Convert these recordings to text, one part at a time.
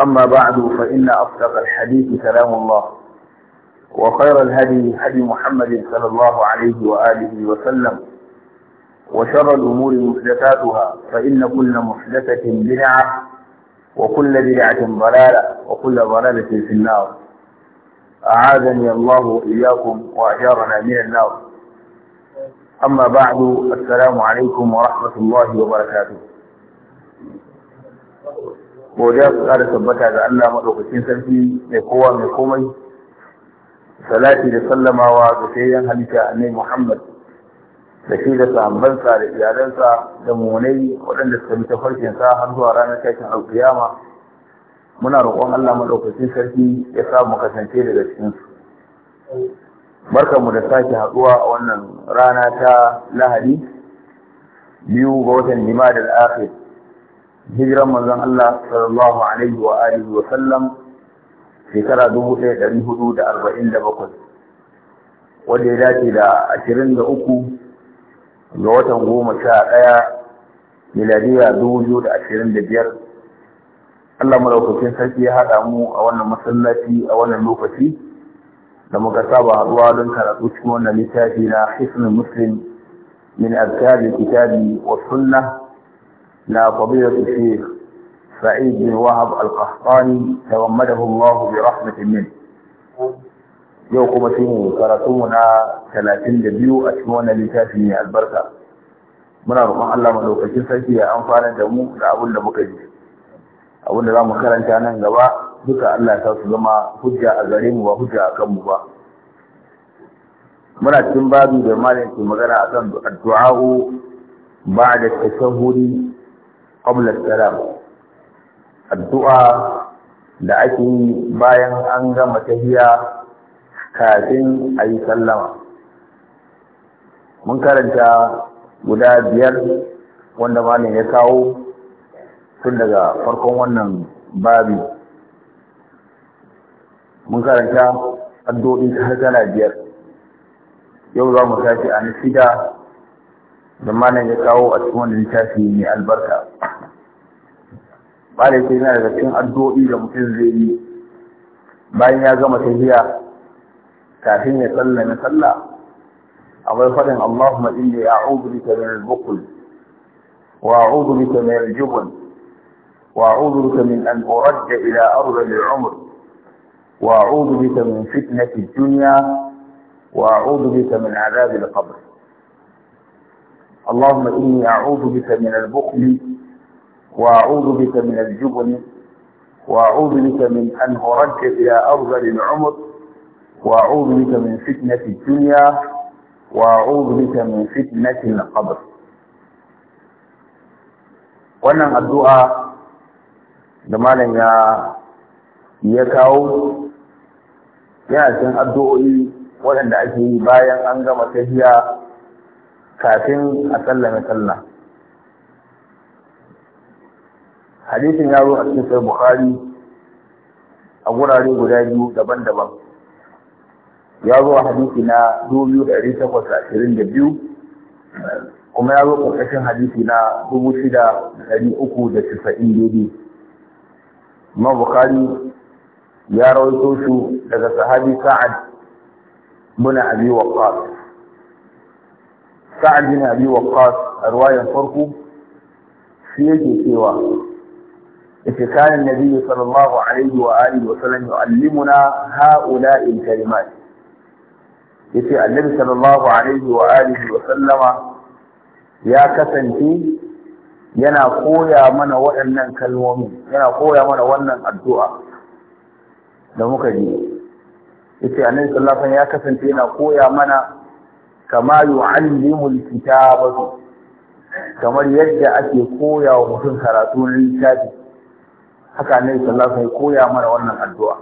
أما بعد فإن أصدق الحديث كلام الله وخير الهدي هدي محمد صلى الله عليه وآله وسلم وشر الأمور محدثاتها فإن كل محدثة بدعة وكل بدعة ضلالة وكل ضلالة في النار أعاذني الله إياكم وأجارنا من النار أما بعد السلام عليكم ورحمة الله وبركاته godiya su ƙara tabbata ga Allah maɗaukacin sarki mai kowa mai komai salati da sallamawa ga sayyan halitta annai Muhammad da shi da sahabbansa da iyalansa da munai waɗanda suka bi tafarkin sa har zuwa ranar tashin alƙiyama muna roƙon Allah maɗaukacin sarki ya sa mu kasance daga cikin su mu da sake haɗuwa a wannan rana ta Lahadi biyu ga watan Limadil Akhir hijiran manzon Allah sallallahu alaihi wa alihi wa sallam shekara 1447 wanda ya dace da 23 ga watan 11 miladiya 2025 Allah malaukakin sarki ya haɗa mu a wannan masallaci a wannan lokaci da muka saba haɗuwa don karatu cikin wannan littafi na hisnin muslim min azkari kitabi wa sunnah Na لا قضية الشيخ سعيد بن وهب القحطاني تغمده الله برحمة منه يوقف شيء كرتمنا 32 أشمونا لتافي albarka. muna roƙon Allah madaukakin sarki a amfana da mu da abin da muka ji abin da za mu karanta nan gaba duka Allah ya su zama hujja a gare mu ba hujja a kanmu ba muna cin babu da malam ke magana akan addu'a'u ba'da tashahhudi qabla salam addu'a da ake yi bayan an gama tahiya kafin a yi sallama mun karanta guda biyar wanda malam ya kawo tun daga farkon wannan babi mun karanta addu'o'i har tana biyar yau za mu tashi a na don malam ya kawo a cikin wani littafi mai albarka bala ce yana daga cikin addu'o'i da mutum zai yi bayan ya gama tafiya kafin ya sallame sallah akwai faɗin Allahumma inni a'udhu bika min al-bukhl wa a'udhu bika min al-jubn wa a'udhu bika min an urajja ila ardh al-umr wa a'udhu bika min fitnati ad-dunya wa a'udhu bika min 'adhab al-qabr اللهم إني أعوذ بك من البخل وأعوذ بك من الجبن وأعوذ بك من أن أرجع إلى أرذل العمر وأعوذ بك من فتنة الدنيا وأعوذ بك من فتنة القبر wannan الدعاء da malam ya ya kawo yana cikin addu'o'i waɗanda ake yi bayan kafin a sallame sallah hadisin ya zo a cikin sai bukhari a wurare guda biyu daban-daban ya zo a hadisi na 2822 kuma ya zo ƙarƙashin hadisi na 6,392 ma bukhari ya rawaito shi daga sahabi sa'ad muna abi waqqas sa'ad bin abi waqqas a ruwayan farko shi yake cewa yace kana nabi sallallahu alaihi wa wa sallam yu'allimuna ha'ula'i kalimat sallallahu alaihi wa sallama ya kasance yana koya mana wannan addu'a da muka ji yace annabi sallallahu alaihi ya kasance yana koya mana كما يعلم الكتاب كما يجد أكي كويا ومسن سراتون الكتاب حكا نبي صلى الله عليه وسلم كويا من ونن الدعاء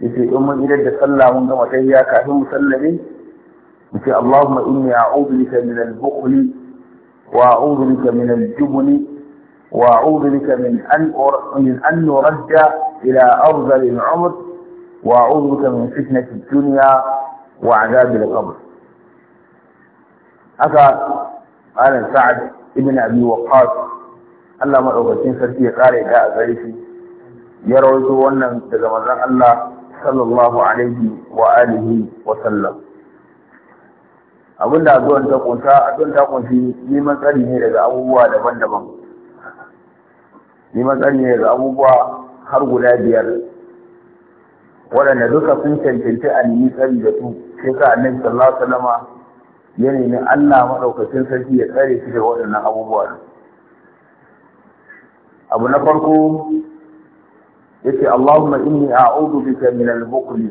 يسي أمن إلى الدسلة من دم تهيا كافي مسلم يقول اللهم إني أعوذ لك من البخل وأعوذ لك من الجبن وأعوذ لك من أن من أن نرجع إلى أفضل العمر وأعوذ بك من فتنة الدنيا وعذاب القبر haka malam sa'ad ibn abi waqas Allah madaukakin sarki ya kare da a gare shi ya rawaito wannan daga manzon Allah sallallahu alaihi wa alihi wa sallam abinda addu'an ta kunsa addu'an ta kunshi neman tsari ne daga abubuwa daban-daban neman tsari ne daga abubuwa har guda biyar waɗanda duka sun cancanci a nemi tsari da su sai ka annabi sallallahu alaihi wa sallama ya nemi Allah maɗaukacin sarki ya tsare shi da waɗannan abubuwa abu na farko yace Allahumma inni a'udu bika min al-bukli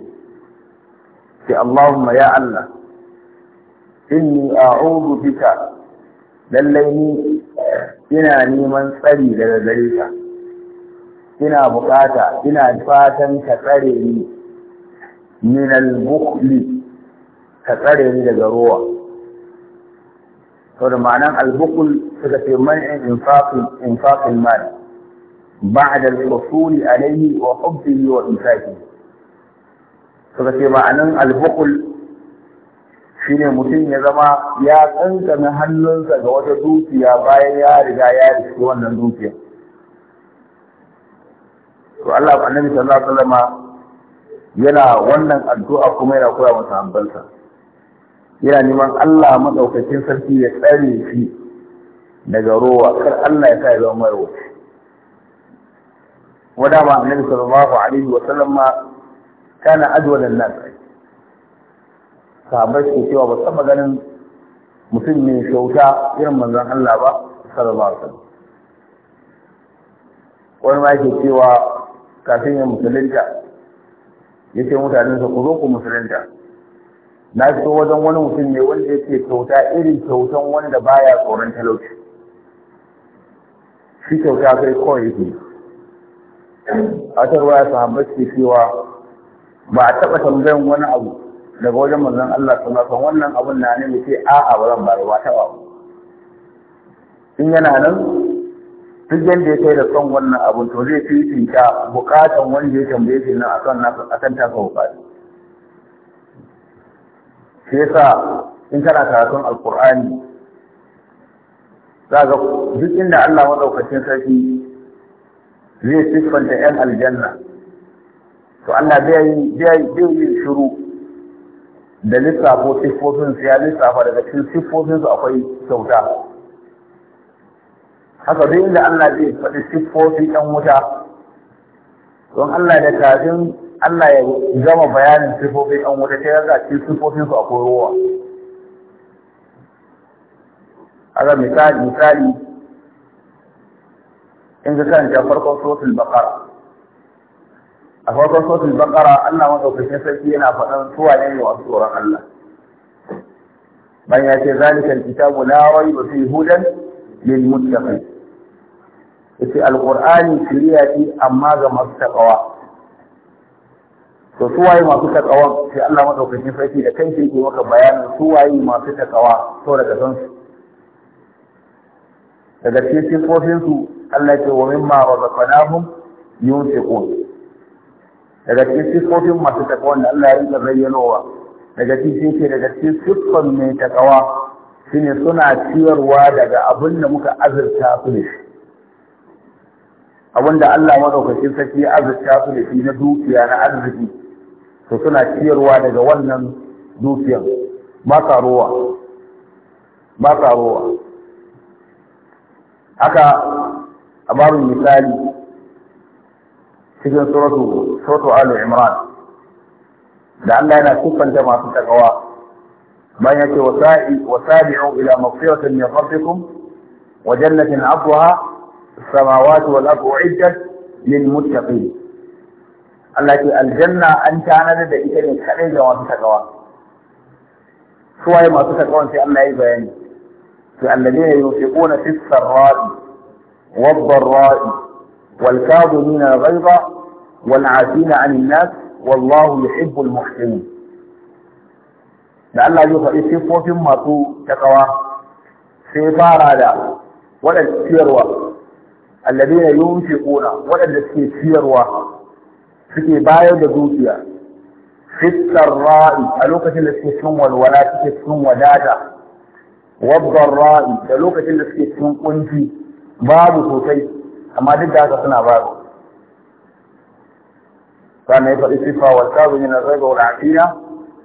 sai Allahumma ya Allah inni a'udu bika lallai ni ina neman tsari daga gare ka ina bukata ina fatan ka tsare ni min al-bukli ka tsare ni daga ruwa da ma'anan albukul suka ce man'in infaqin mal ba'da al-wasuli alayhi wa hubbihi wa infaqi suka ce ma'anan albukul shine mutum ya zama ya kankana hannunsa ga wata dukiya bayan ya riga ya rishi wannan dukiya to Allah annabi sallallahu alaihi wasallam yana wannan addu'a kuma yana koya masa hambalsa yana neman Allah maɗaukacin sarki ya tsare shi daga rowa kar Allah ya sa ya zama marwaci wada ma annabi sallallahu alaihi wa sallam ma kana ajwalan nas sahabbai suke cewa ba san maganin mutum mai kyauta irin manzon Allah ba sallallahu alaihi wa sallam wani ma yake cewa kafin ya musulunta yake mutanen sa ku zo ku musulunta na fito wajen wani mutum ne wanda yake kyauta irin kyautan wanda baya tsoron talauci shi kyauta sai kawai yake a ta ruwa sahabbai ke cewa ba a taɓa tambayan wani abu daga wajen manzon Allah sallallahu alaihi wannan abun na ne a a'a ba zan bari ba taɓa in yana nan duk yadda ya kai da son wannan abun to zai ta bukatan wanda ya tambaye shi nan a kan taka bukatu shi yasa in kana karatun alkur'ani za ga duk inda Allah maɗaukacin sarki zai siffanta 'yan aljanna to Allah zai yi shiru da lissafo siffofinsu ya lissafa daga cikin siffofinsu akwai kyauta haka duk inda Allah zai faɗi siffofin 'yan wuta don Allah da kafin Allah ya gama bayanin sifofin an wata ta yaga cikin sifofin su akwai ruwa aga misali misali in ka karanta farkon sotul baqara a farkon sotul baqara Allah madaukakin sarki yana faɗan suwa ne wa tsoron Allah bayan ya ce zalikal kitabu la rayba fi hudan lil muttaqin yace alqur'ani shiriya ce amma ga masu takawa to su waye masu takawa sai Allah madaukakin sarki da kanshi yake maka bayanin su waye masu takawa to daga san su daga cikin kofin su Allah ce wa mimma razaqnahum yunfiqun daga cikin kofin masu takawa da Allah ya rinka zayyanowa daga cikin ce daga cikin siffan mai takawa shine suna ciyarwa daga abin da muka azurta su ne shi abinda Allah madaukakin sarki ya azurta su da shi na dukiya na arziki to suna ciyarwa daga wannan dukiyar ba sa rowa ba sa rowa haka a babin misali cikin suratu suratu alu imran da Allah yana siffanta masu takawa bayan ya ce wa wasabi'u ila maghfiratin min rabbikum wa jannatin 'arduha السماوات والأرض أعدت للمتقين Allah ce aljanna an tanar da ita ne kaɗai ga masu takawa suwaye masu takawan sai Allah ya yi bayani sai alladina yunfiquna fi sarra'i wad dharra'i wal kadhimina al-ghayza wal 'afina 'anil nas wallahu yuhibbul muhsinin da Allah ya faɗi sifofin masu takawa sai fara da wadan ciyarwa alladina yunfiquna waɗanda suke siyarwa, suke bayar da dukiya fitar ra'i a lokacin da suke sun walwala suke sun wadata wabbar ra'i da lokacin da suke cikin kunci babu sosai amma duk da haka suna babu kana ya faɗi sifa wa kazu yana zai ga wal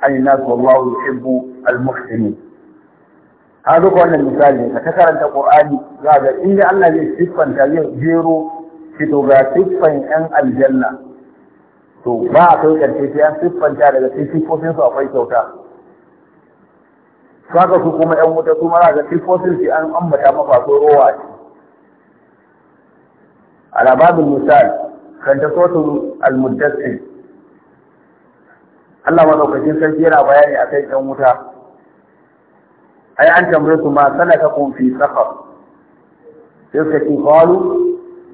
an yi wallahu yuhibbu al-muhsinin ka duk wannan misali ne ka karanta qur'ani za ga inda Allah zai siffanta zai jero fito ga siffan yan aljanna to ba a kai karshe sai an siffanta daga cikin siffofin su akwai kyauta saka su kuma yan wuta kuma mara ga siffofin su an ambata mafa so rowa a ala babin misal kan ta sotu al-muddassir Allah madaukakin sarki yana bayani akan yan wuta ai an tambaye su ma kun fi safar. sai suka ce qalu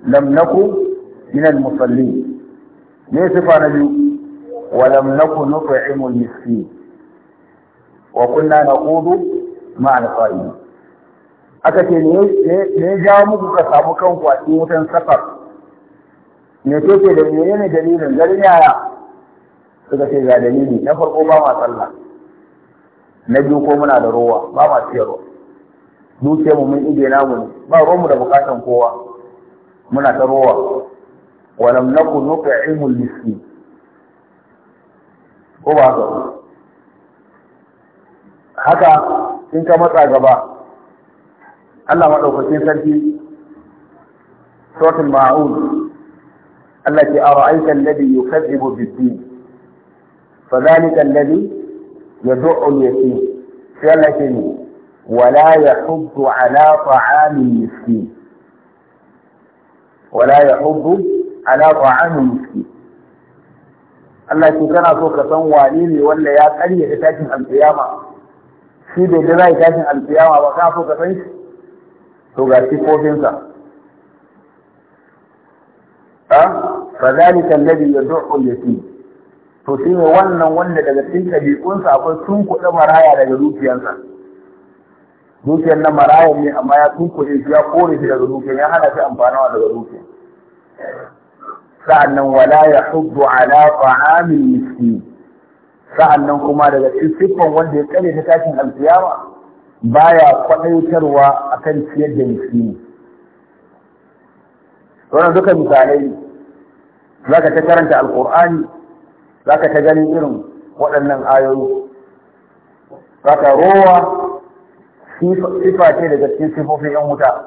lam naku min al musallin ne sifa na biyu wa lam naku nut'imu al miskin wa kunna naqudu ma al qa'im aka ce ne ne ja muku ka samu kanku a cikin wutan safar ne ce da menene dalilin garin ya. suka ce ga dalili na farko ba ma sallah na biyu ko muna da rowa ba ma siyarwa dukiyar mu mun ije namu ne ba ruwan mu da bukatan kowa muna ta rowa walam nakun nut'imul miskin ko ba haka haka in ka matsa gaba Allah madaukakin sarki suratul ma'un Allah ke ara'aita ladi yukadibu bidin fa zalika ladi Ya do'o ya yatim sai Allah ke ni wala ya yahuddu ala ta'amil miski. wala ya yahuddu ala ta'amil miski. Allah ke kana so ka san wani ne wanda ya karya da tashin alkiyama shi bai da zai tashin alkiyama ba ka so ka san shi to ga sifofinsa fa zalika alladhi yad'u yatim to shi ne wannan wanda daga cikin ɗabi'unsa akwai sun kuɗa maraya daga dukiyarsa dukiyar na maraya ne amma ya tunkuɗe shi ya kore shi daga dukiyar ya hana shi amfanawa daga dukiyar sa'annan wala ya huddu ala ta'amin miskin sa'annan kuma daga cikin siffan wanda ya kare ta tashin alkiyama baya kwaɗaitarwa akan ciyar da miskini wannan duka misalai zaka ta karanta alqur'ani za ka ta gani irin waɗannan ayoyi za ka rowa sifa ce daga cikin sifofin yan wuta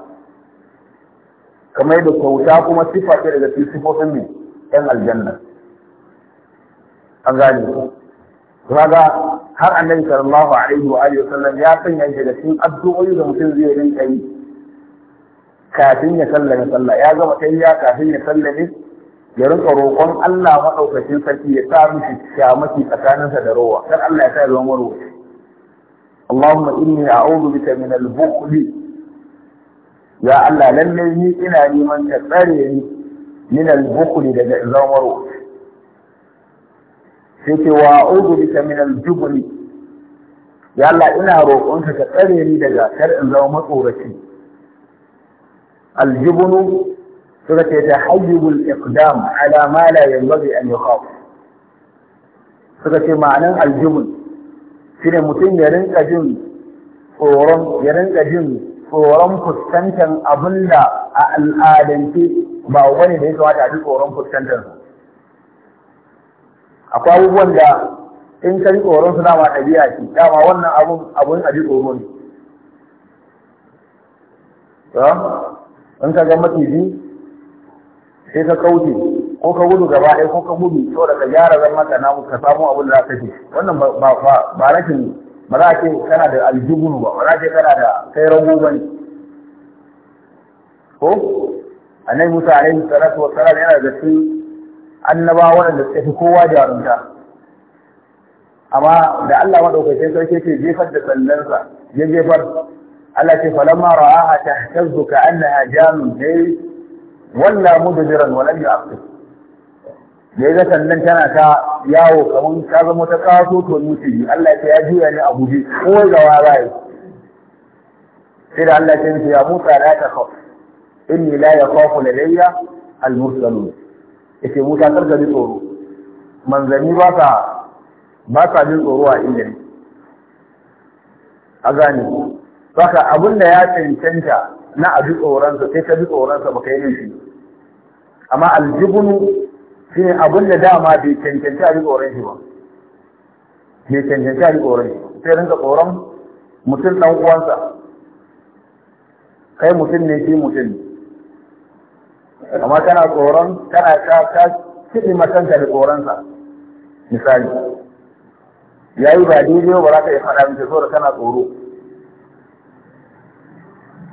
kamar yadda kyauta kuma sifa ce daga cikin sifofin mai yan aljanna an gane kaga har annabi sallallahu alaihi wa alihi wasallam ya sanya shi da cikin addu'o'i da mutum zai rinka yi kafin ya sallame sallah ya gama tayyiya kafin ya sallame ya rinka roƙon Allah maɗaukacin sarki ya sa mishi kyamaki tsakaninsa da rowa kar Allah ya sa ya zama rowa Allahumma inni a'udhu bika min al ya Allah lalle ni ina neman ka tsare ni min al-bukhl daga zama rowa sai ce wa a'udhu bika min al ya Allah ina roƙon ka tsare ni daga kar in zama matsoraci al-jubnu suka ce ta hayyubul iqdam ala ma la yanbaghi an yukhaf suka ce ma'anan aljubul shine mutum ya rinka jin tsoron ya rinka jin tsoron fuskantar da a al'adance ba wani da ya kamata a ji tsoron fuskantar akwai abubuwan da in ka ji tsoron su dama ɗabi'a ce dama wannan abun abun a ji tsoro ne in ka ga maciji sai ka kauce ko ka gudu gaba ɗaya ko ka gudu saboda ka gyara zama ka namu ka samu abin da za ce wannan ba rashin ba za a ce kana da aljihun ba ba za a ce kana da kai rago ba ne ko annabi musa alaihi salatu wassalam yana da cikin annabawa wanda suka fi kowa jarumta amma da Allah madaukakin sarki ce jefar da sallansa ya jefar Allah ce falamma ra'aha tahtazzu ka'annaha jamun sai walla mudabiran wa lam yu'aqib da ya ga sannan tana ta yawo kaman ta zama ta kaso to mutu Allah ya ya juya ne a guje ko gawa bai sai Allah ya ce ya Musa la ta khaf inni la yakhafu ladayya al mursalun yace Musa kar ga tsoro manzani ba ka ba ka jin tsoro a inda ne a gane baka abin da ya cancanta na a ji tsoronsa sai ka ji tsoronsa ka yi laifi amma aljibunu shi ne abin da dama bai cancanci a ji tsoron shi ba bai cancanci a ji tsoron shi sai rinka tsoron mutum ɗan uwansa kai mutum ne shi mutum amma kana tsoron kana ka ka kiɗi makanta da tsoronsa misali ya yi ba daidai ba za ka yi faɗa mai tsoro kana tsoro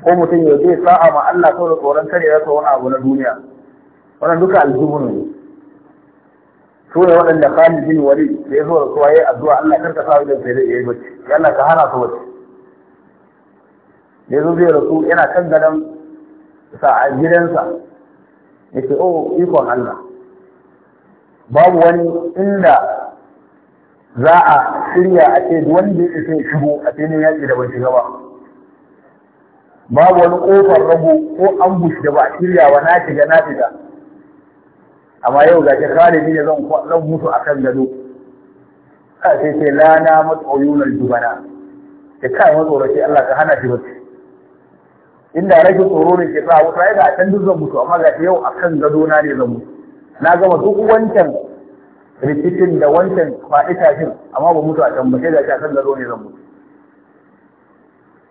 ko mutum ya zai sa'a ma Allah da tsoron kare ya wani abu na duniya wannan duka aljihun ne su ne waɗanda kani jini wani, da ya zo da kowa yi addu'a Allah karka sa wajen sai dai yi bacci Yana ka hana su bacci da zo zai rasu yana kan gadon sa a gidansa ce o oh, ikon Allah babu wani inda za a shirya a ce wanda ya ce shigo a ce yaki da ban shiga ba babu wani kofar rago ko ambush da ba a shirya ba na shiga na shiga. amma yau ga ke kare ne zan zan mutu kan gado a sai sai lana matsoyunar jubana ta kai matsoraci Allah ka hana shi ba inda rage tsoro ne ke sa wuta ya ga can duk zan mutu amma ga yau kan gado na ne zan mutu na gama duk wancan rikicin da wancan faɗi tashin amma ba mutu a can ba sai ga akan gado ne zan mutu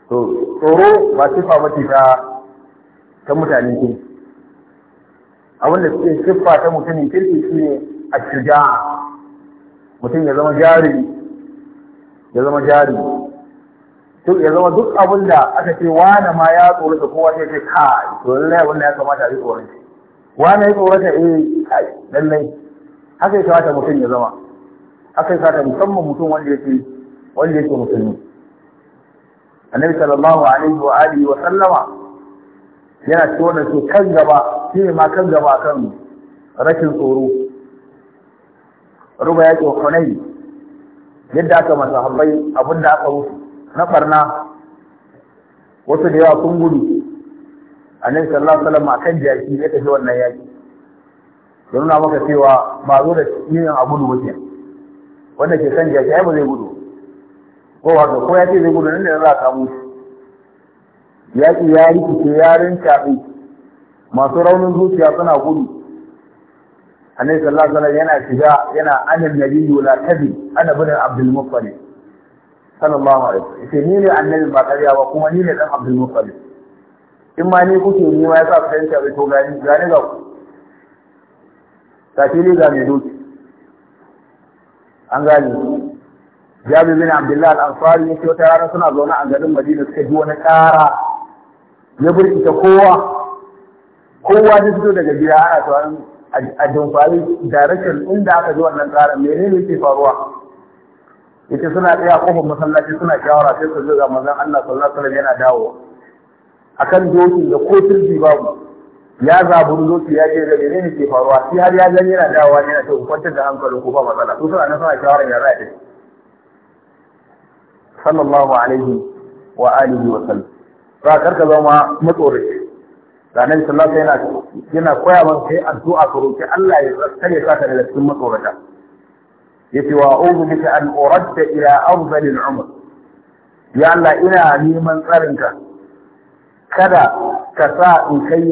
to tsoro ba siffa mace ta ta mutane ke abin da suke siffa ta mutumin kirki shi ne a shirya mutum ya zama jari ya zama jari to ya zama duk abin da aka ce wane ma ya tsoro da kowa sai ce kai to lallai abin da ya kamata a yi tsoron shi wane ya tsoro ta eh kai lallai haka ya kamata mutum ya zama haka ya kamata musamman mutum wanda ce wanda mutum ne annabi sallallahu alaihi wa alihi wa sallama yana cikin wannan su kan gaba shi ma kan gaba kan rashin tsoro ruba ya ce hunai yadda aka masa habbai abin da aka rufe na barna wasu da yawa sun gudu annabi sallallahu alaihi wa sallam kan jaki ya tafi wannan yaki don nuna maka cewa ba zo da yin abu da wuce wanda ke kan jaki ai ba zai gudu ko haka ko ya ce zai gudu nan da za a samu yaƙi ya yi rikice yarin caɓe masu raunin zuciya suna gudu annabi sallallahu alaihi wasallam yana shiga yana anan nabiyyu la tabi ana bin abdul muttalib sallallahu alaihi wasallam sai ni ne annabi ba kariya ba kuma ni ne dan abdul muttalib in ma ni kuke ni ma yasa ku yanke abin to gani gani ga ku ce ne ga mai doki an gani Jami'in bin Abdullahi al-Ansari ce wata rana suna zaune a garin Madina suka ji wani ƙara ya burkita kowa kowa ya fito daga gida ana tsawon a dumfari direction inda aka ji wannan ƙara ne ke faruwa ce suna tsaya kofar masallaci suna shawara sai su ga manzon Allah sallallahu alaihi wasallam yana dawo kan doki da ko turbi babu ya zaburi doki ya je da ne ke faruwa Sai har ya zan yana dawowa yana ta kwantar da hankalin ko ba matsala su suna nan suna shawara ya za صلى الله عليه وآله وسلم كذا ما مطوري لأنني صلى الله عليه وسلم جنا قوية من كي أنتو أكرو كي الله يرسل يساك للسلم مطورك يتوى أعوذ بك أن أرد إلى أرض العمر يا الله إنا لي من قرنك كذا كساء كي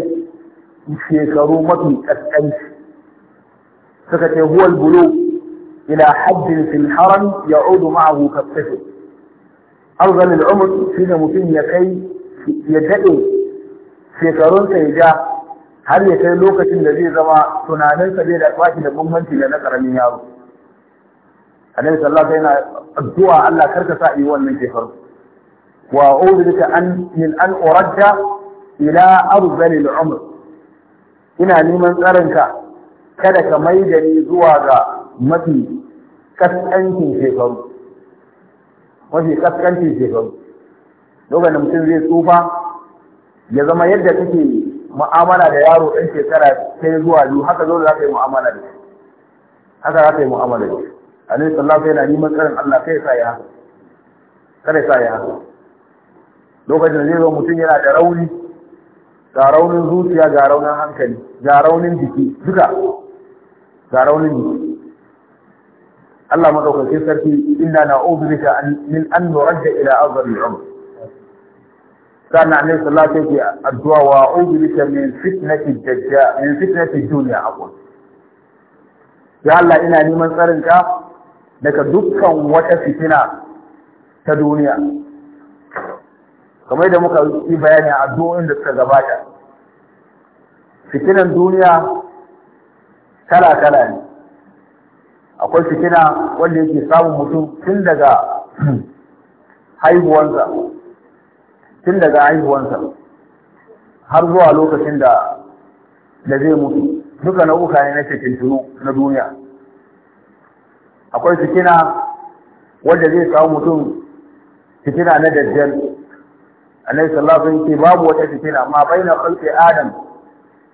يشيكرو مطي أسأنش فكتي هو البلوغ إلى حد في الحرم يعود معه كالطفل afdalul shi ne mutum ya kai ya dade shekarunsa ya ja har ya kai lokacin da zai zama tunaninsa zai da baki da bambanci da na karamin yaro annabi sallallahu alaihi wasallam yana addu'a Allah karka sa yi wannan shekaru wa a'udhu bika an min an uradda ila arzalil umr ina neman tsarinka kada ka mai da ni zuwa ga mafi kasancin shekaru mafi ke shekaru lokacin mutum zai tsufa ya zama yadda kake mu'amala da yaro ɗan shekara sai zuwa biyu haka zo da za ka yi mu'amala da shi haka za ka yi mu'amala da shi alaihi sallallahu yana neman tsarin Allah kai sa ya haka kada sa ya haka lokacin da zai zo mutum yana da rauni ga raunin zuciya ga raunin hankali ga raunin jiki duka ga raunin jiki Allah madaukakin sarki inda na bika min an nurda ila azami umr sannan annabi sallallahu alaihi yake addu'a wa a'udhu min fitnati dajjal min fitnati ya Allah ina neman tsarinka daga dukkan wata fitina ta duniya kamar da muka yi bayani a addu'o'in da suka gabata fitinan duniya kala kala ne akwai fitina wanda yake samun mutum tun daga haihuwansa tun daga haihuwansa har zuwa lokacin da da zai mutu duka na uka ne na fitintunu na duniya akwai fitina wanda zai samu mutum fitina na dajjal annabi sallallahu alaihi wasallam babu wata fitina ma baina khalqi adam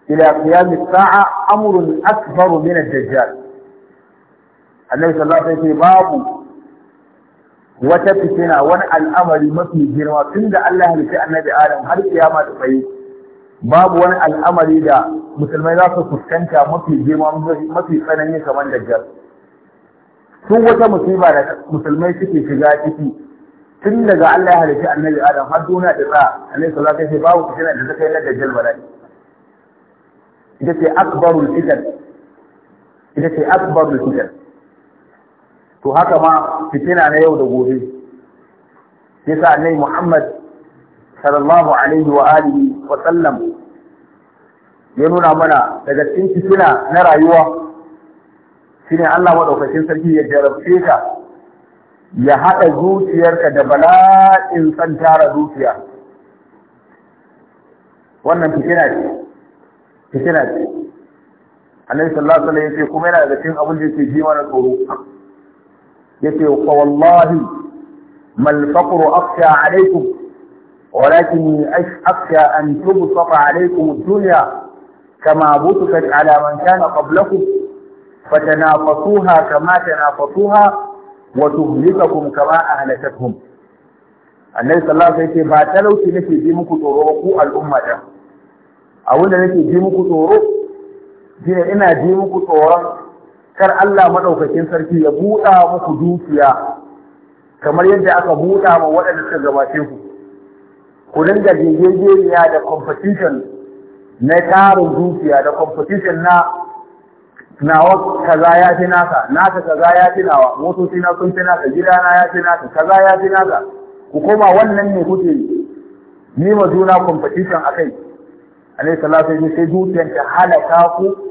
ila qiyam saa amrun akbaru min dajjal annabi sallallahu alaihi wasallam babu wata fitina wani al'amari mafi girma tun da Allah halitta annabi Adam har kiyama ta tsaye babu wani al'amari da musulmai za su fuskanta mafi girma mafi tsanani kamar dajjal tun wata musiba da musulmai suke shiga ciki tun daga Allah ya halitta annabi Adam har duniya ta tsaya annabi sallallahu alaihi wasallam babu fitina da ta kai na dajjal bala'i ita ce akbarul fitan ita ce akbarul fitan to haka ma fitina na yau da gobe yasa annabi Muhammad sallallahu alaihi wa alihi wa sallam ya nuna mana daga cikin fitina na rayuwa shine Allah madaukakin sarki ya jarabce ka ya haɗa zuciyarka da bala'in san tara zuciya wannan fitina ce fitina ce annabi sallallahu alaihi wa sallam ya ce kuma yana da cikin abin da yake ji mana tsoro يقول والله ما الفقر أخشى عليكم ولكني أخشى أن تبسط عليكم الدنيا كما بسطت على من كان قبلكم فتنافسوها كما تنافسوها وتهلككم كما أهلكتهم النبي صلى الله عليه وسلم باتلو تنفي ديمك تروق الأمة أولا نفي ديمك تروق جينا إنا ديمك تروق kar Allah maɗaukakin sarki ya buɗa muku dukiya kamar yadda aka buɗa ma waɗanda suka gabace ku ku dinga gegegeniya da competition na tarin dukiya da competition na nawa kaza ya fi naka naka kaza ya fi nawa motoci na sun fi naka gidana ya fi naka kaza ya fi naka ku koma wannan ne kuke yi ma juna competition akai alaihi salatu sai dukiyan ta halaka ku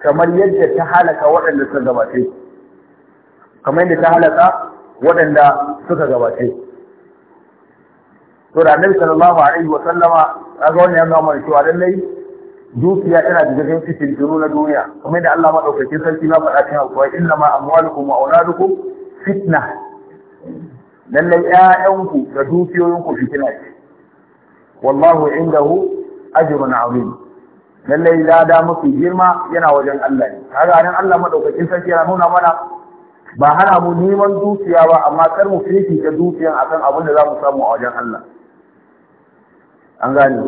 kamar yadda ta halaka waɗanda suka gabace kamar yadda ta halaka waɗanda suka gabace to da annabi sallallahu alaihi wa sallama kaga wannan yanzu zama mana cewa lallai dukiya tana da cikin fitintunu na duniya kamar yadda Allah madaukakin sarki ma faɗa cikin alƙawari inna ma amwalukum wa auladukum fitna lallai ƴaƴanku da dukiyoyinku fitina ce wallahu indahu ajrun azim lallai lada mafi girma yana wajen Allah ne kaga nan Allah madaukakin sarki yana nuna mana ba hana mu neman dukiya ba amma kar mu fifita dukiyan akan abin da za mu samu a wajen Allah an gane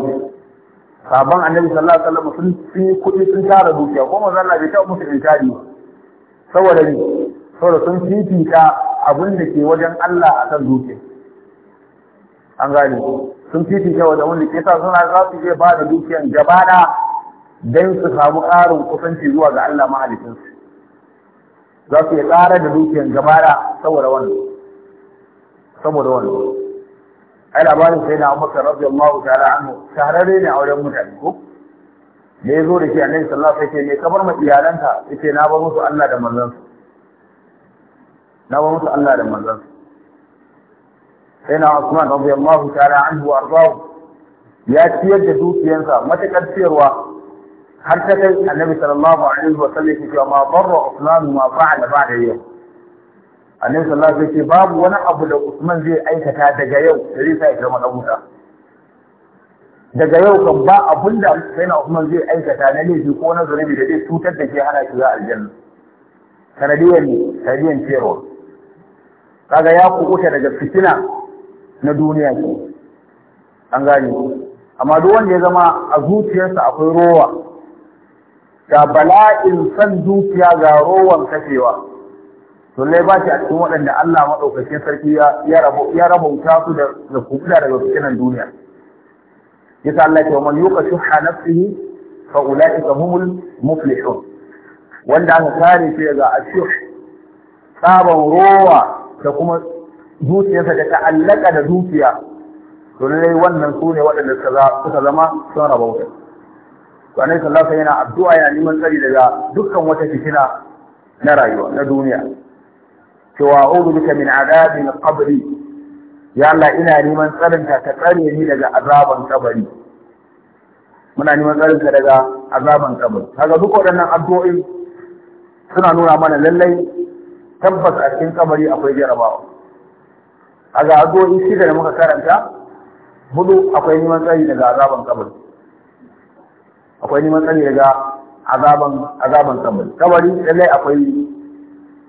sabon annabi sallallahu alaihi wasallam sun sun yi sun tara dukiya ko manzo Allah bai taɓa musu inkari ba saboda ni saboda sun fifita abin da ke wajen Allah akan dukiya an gane sun fifita wajen wanda ke sa suna za su je ba da dukiyan gaba da don su samu ƙarin kusanci zuwa ga Allah mahalicinsu za su yi ƙara da dukiyar gabara saboda wannan saboda wannan ai labarin sai na Umar radiyallahu ta'ala anhu shahararre ne a wajen mutane ko da ya zo da shi annabi sallallahu alaihi wasallam ya kamar ma iyalanka yace na ba musu Allah da manzon na ba musu Allah da manzon sai na Usman radiyallahu ta'ala anhu wa ya ciyar da dukiyansa matakar ciyarwa har ta kai annabi sallallahu alaihi wa sallam ke cewa ma barra usman ma fa'ala ba'da yau annabi sallallahu alaihi ce babu wani abu da usman zai aikata daga yau da zai sa ya zama dan daga yau kan ba abun da na usman zai aikata na laifi ko na zunubi da zai cutar da ke hana shi zuwa aljanna sanadiyan ne sanadiyar cewa kaga ya kukuta daga fitina na duniya ko an gani amma duk wanda ya zama a zuciyarsa akwai rowa ga bala'in san dukiya ga rowan kashewa to lai ba shi a cikin waɗanda Allah maɗaukakin sarki ya rabauta su da kuɗa daga cikin duniya yasa Allah ya man yuqa shuha nafsihi fa ulaika humul muflihun wanda aka kare shi ga ashuh tsaban rowa da kuma zuciyarsa da ta'allaka da dukiya to lai wannan sune ne waɗanda suka zama sun rabauta to annabi yana addu'a ya neman tsari daga dukkan wata fitina na rayuwa na duniya cewa a'udhu bika min adabin qabri ya Allah ina neman tsarinka ka tsare ni daga azaban kabari muna neman tsarinka daga azaban kabari kaga duk waɗannan addu'o'i suna nuna mana lallai tabbas a cikin kabari akwai jarabawa kaga addu'o'i shida da muka karanta hudu akwai neman tsari daga azaban kabari akwai neman tsari daga azaban azaban kabari kabari lallai akwai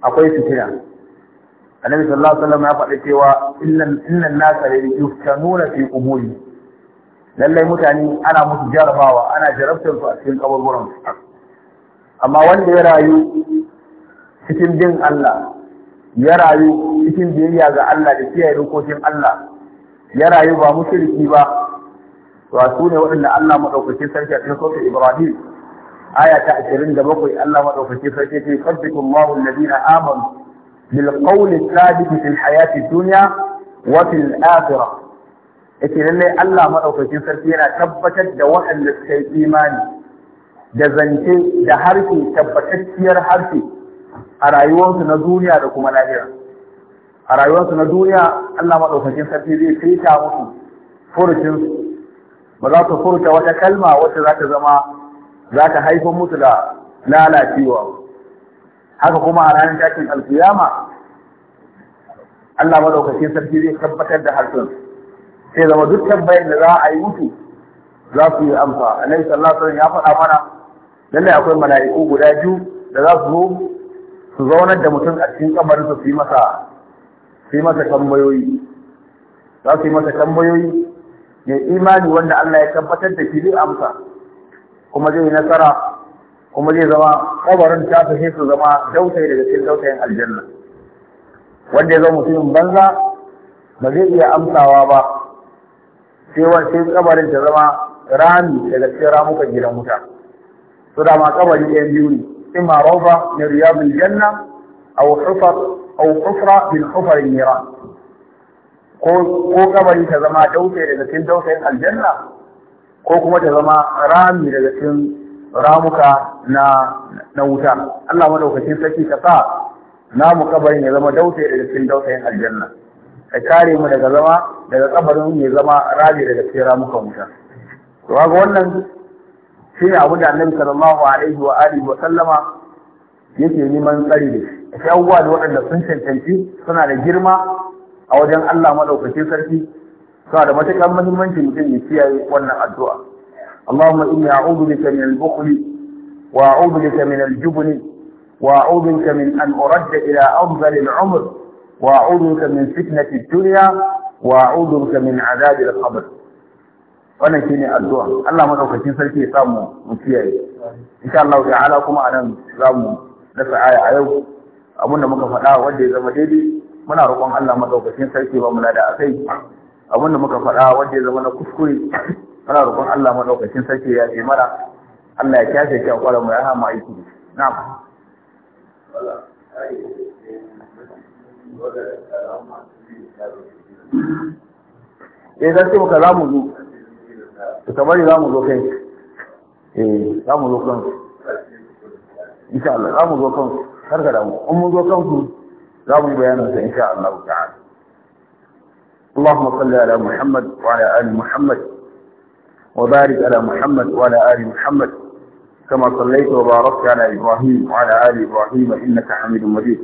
akwai fitina annabi sallallahu alaihi wasallam ya faɗi cewa innan innan nasa la yuftanuna fi quburi lallai mutane ana musu jarabawa ana jarabtar su a cikin kaburburan amma wanda ya rayu cikin bin Allah ya rayu cikin biyayya ga Allah da kiyaye dokokin Allah ya rayu ba mushriki ba Wasu ne waɗanda Allah maɗaukakin sarki a cikin sautin Ibrahim aya ta bakwai Allah maɗaukakin sarki ce sabbitu Allahu alladhina amanu bil qawli thabit fil hayati duniya wa fil akhirah yake lallai Allah maɗaukakin sarki yana tabbatar da waɗanda suka yi imani da zance da harshe tabbatacciyar harshe a rayuwarsu na duniya da kuma lahira. a rayuwarsu na duniya Allah maɗaukakin sarki zai saita musu furucin ba za ta furta wata kalma wacce za ta zama za ta haifar musu da lalacewa haka kuma a ranar takin alkiyama Allah madaukakin sarki zai tabbatar da harsun sai zama duk tambayar da za a yi mutu za su yi amsa alaihi sallallahu alaihi ya faɗa mana lallai akwai mala'iku guda biyu da za su zo su zaunar da mutum a cikin kamarin su yi su yi masa tambayoyi za su yi masa tambayoyi ya imani wanda Allah ya tabbatar da shi zai amsa kuma zai nasara kuma zai zama kabarin ta su sai su zama dausayi daga cikin dausayin aljanna wanda ya zama mutumin banza ba zai iya amsawa ba sai wani sai kabarin ta zama rami daga cikin ramukan gidan wuta su da ma kabari ɗayan biyu ne imma rauba min riyadul janna Au, hufar aw hufra min hufar ko kabari ta zama dauke daga cikin dausayin aljanna ko kuma ta zama rami daga cikin ramuka na na wuta Allah madaukakin saki ka sa namu kabari ya zama dauke daga cikin dausayin aljanna ka kare mu daga zama daga kabarin ya zama rami daga cikin ramuka wuta to ga wannan shi ne abu da Annabi sallallahu alaihi wa alihi wa sallama yake neman tsari da shi abubuwa da waɗanda sun cancanci suna da girma a wajen Allah madaukakin sarki to da matakan muhimmanci mutum ya kiyaye wannan addu'a Allahumma inni a'udhu bika min al-bukhl wa a'udhu bika min al-jubn wa a'udhu bika min an uradda ila afdal al-umr wa a'udhu bika min fitnati ad-dunya wa a'udhu bika min 'adhab al-qabr wannan shine addu'a Allah madaukakin sarki ya samu mu kiyaye insha Allah ta'ala kuma anan zamu dasa aya a yau abinda muka faɗa wanda ya zama daidai muna roƙon Allah madaukakin sarki ba muna da akai abin da muka faɗa wanda ya zama na kuskure muna roƙon Allah madaukakin sarki ya ce mara. Allah ya kyashe shi a kwara mu ya hama aiki na'am eh zan ce muka za mu zo to kamar za mu zo kai eh za mu zo kan insha Allah za mu zo kan har ga damu in mun zo kan ku زامي بيانه إن شاء الله تعالى اللهم صل على محمد وعلى آل محمد وبارك على محمد وعلى آل محمد كما صليت وباركت على إبراهيم وعلى آل إبراهيم إنك حميد مجيد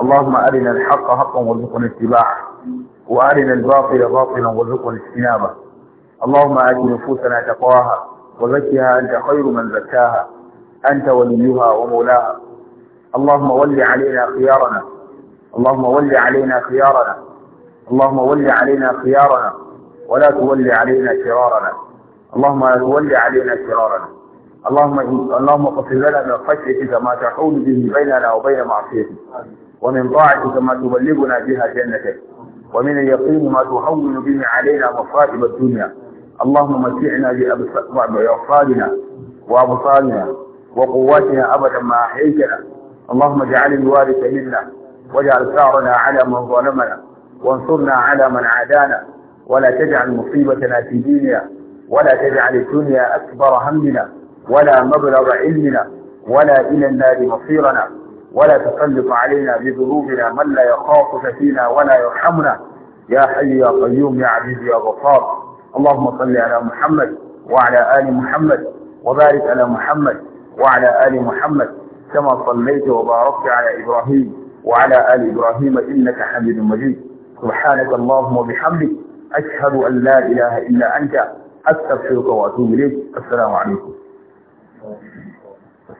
اللهم أرنا الحق حقا وارزقنا اتباعه وأرنا الباطل باطلا وارزقنا اجتنابه اللهم آت نفوسنا تقواها وزكها أنت خير من زكاها أنت وليها ومولاها اللهم ول علينا خيارنا اللهم ول علينا خيارنا اللهم ول علينا خيارنا ولا تول علينا شرارنا اللهم لا تول علينا شرارنا اللهم اللهم اغفر لنا من خشيتك ما تحول به بيننا وبين معصيتك ومن طاعتك ما تبلغنا بها جنتك ومن اليقين ما تهون به علينا مصائب الدنيا اللهم متعنا بأبصارنا وأبصارنا وقواتنا أبدا ما أحييتنا اللهم اجعل الوارث منا واجعل ثارنا على من ظلمنا وانصرنا على من عادانا ولا تجعل مصيبتنا في ديننا ولا تجعل الدنيا أكبر همنا ولا مبلغ علمنا ولا إلى النار مصيرنا ولا تسلط علينا بذنوبنا من لا يخافك فينا ولا يرحمنا يا حي يا قيوم يا عزيز يا غفار اللهم صل على محمد وعلى آل محمد وبارك على محمد وعلى آل محمد كما صليت وباركت على إبراهيم وعلى آل إبراهيم إنك حميد مجيد سبحانك اللهم وبحمدك أشهد أن لا إله إلا أنت أستغفرك وأتوب إليك السلام عليكم